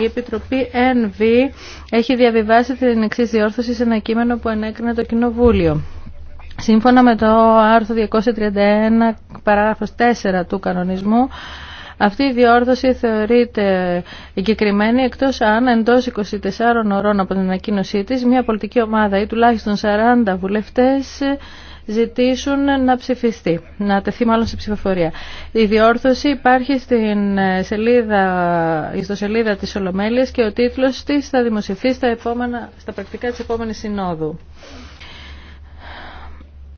Η Επιτροπή ΕΝΒ έχει διαβιβάσει την εξή διόρθωση σε ένα κείμενο που ενέκρινε το Κοινοβούλιο. Σύμφωνα με το άρθρο 231 παράγραφος 4 του κανονισμού, αυτή η διόρθωση θεωρείται εγκεκριμένη εκτός αν εντός 24 ώρων από την ανακοίνωσή της μια πολιτική ομάδα ή τουλάχιστον 40 βουλευτές ζητήσουν να ψηφιστεί, να τεθεί μάλλον σε ψηφοφορία. Η διόρθωση υπάρχει στην ε, σελίδα, ιστοσελίδα της Ολομέλειας και ο τίτλος της θα δημοσιευθεί στα, επόμενα, στα πρακτικά της επόμενης συνόδου.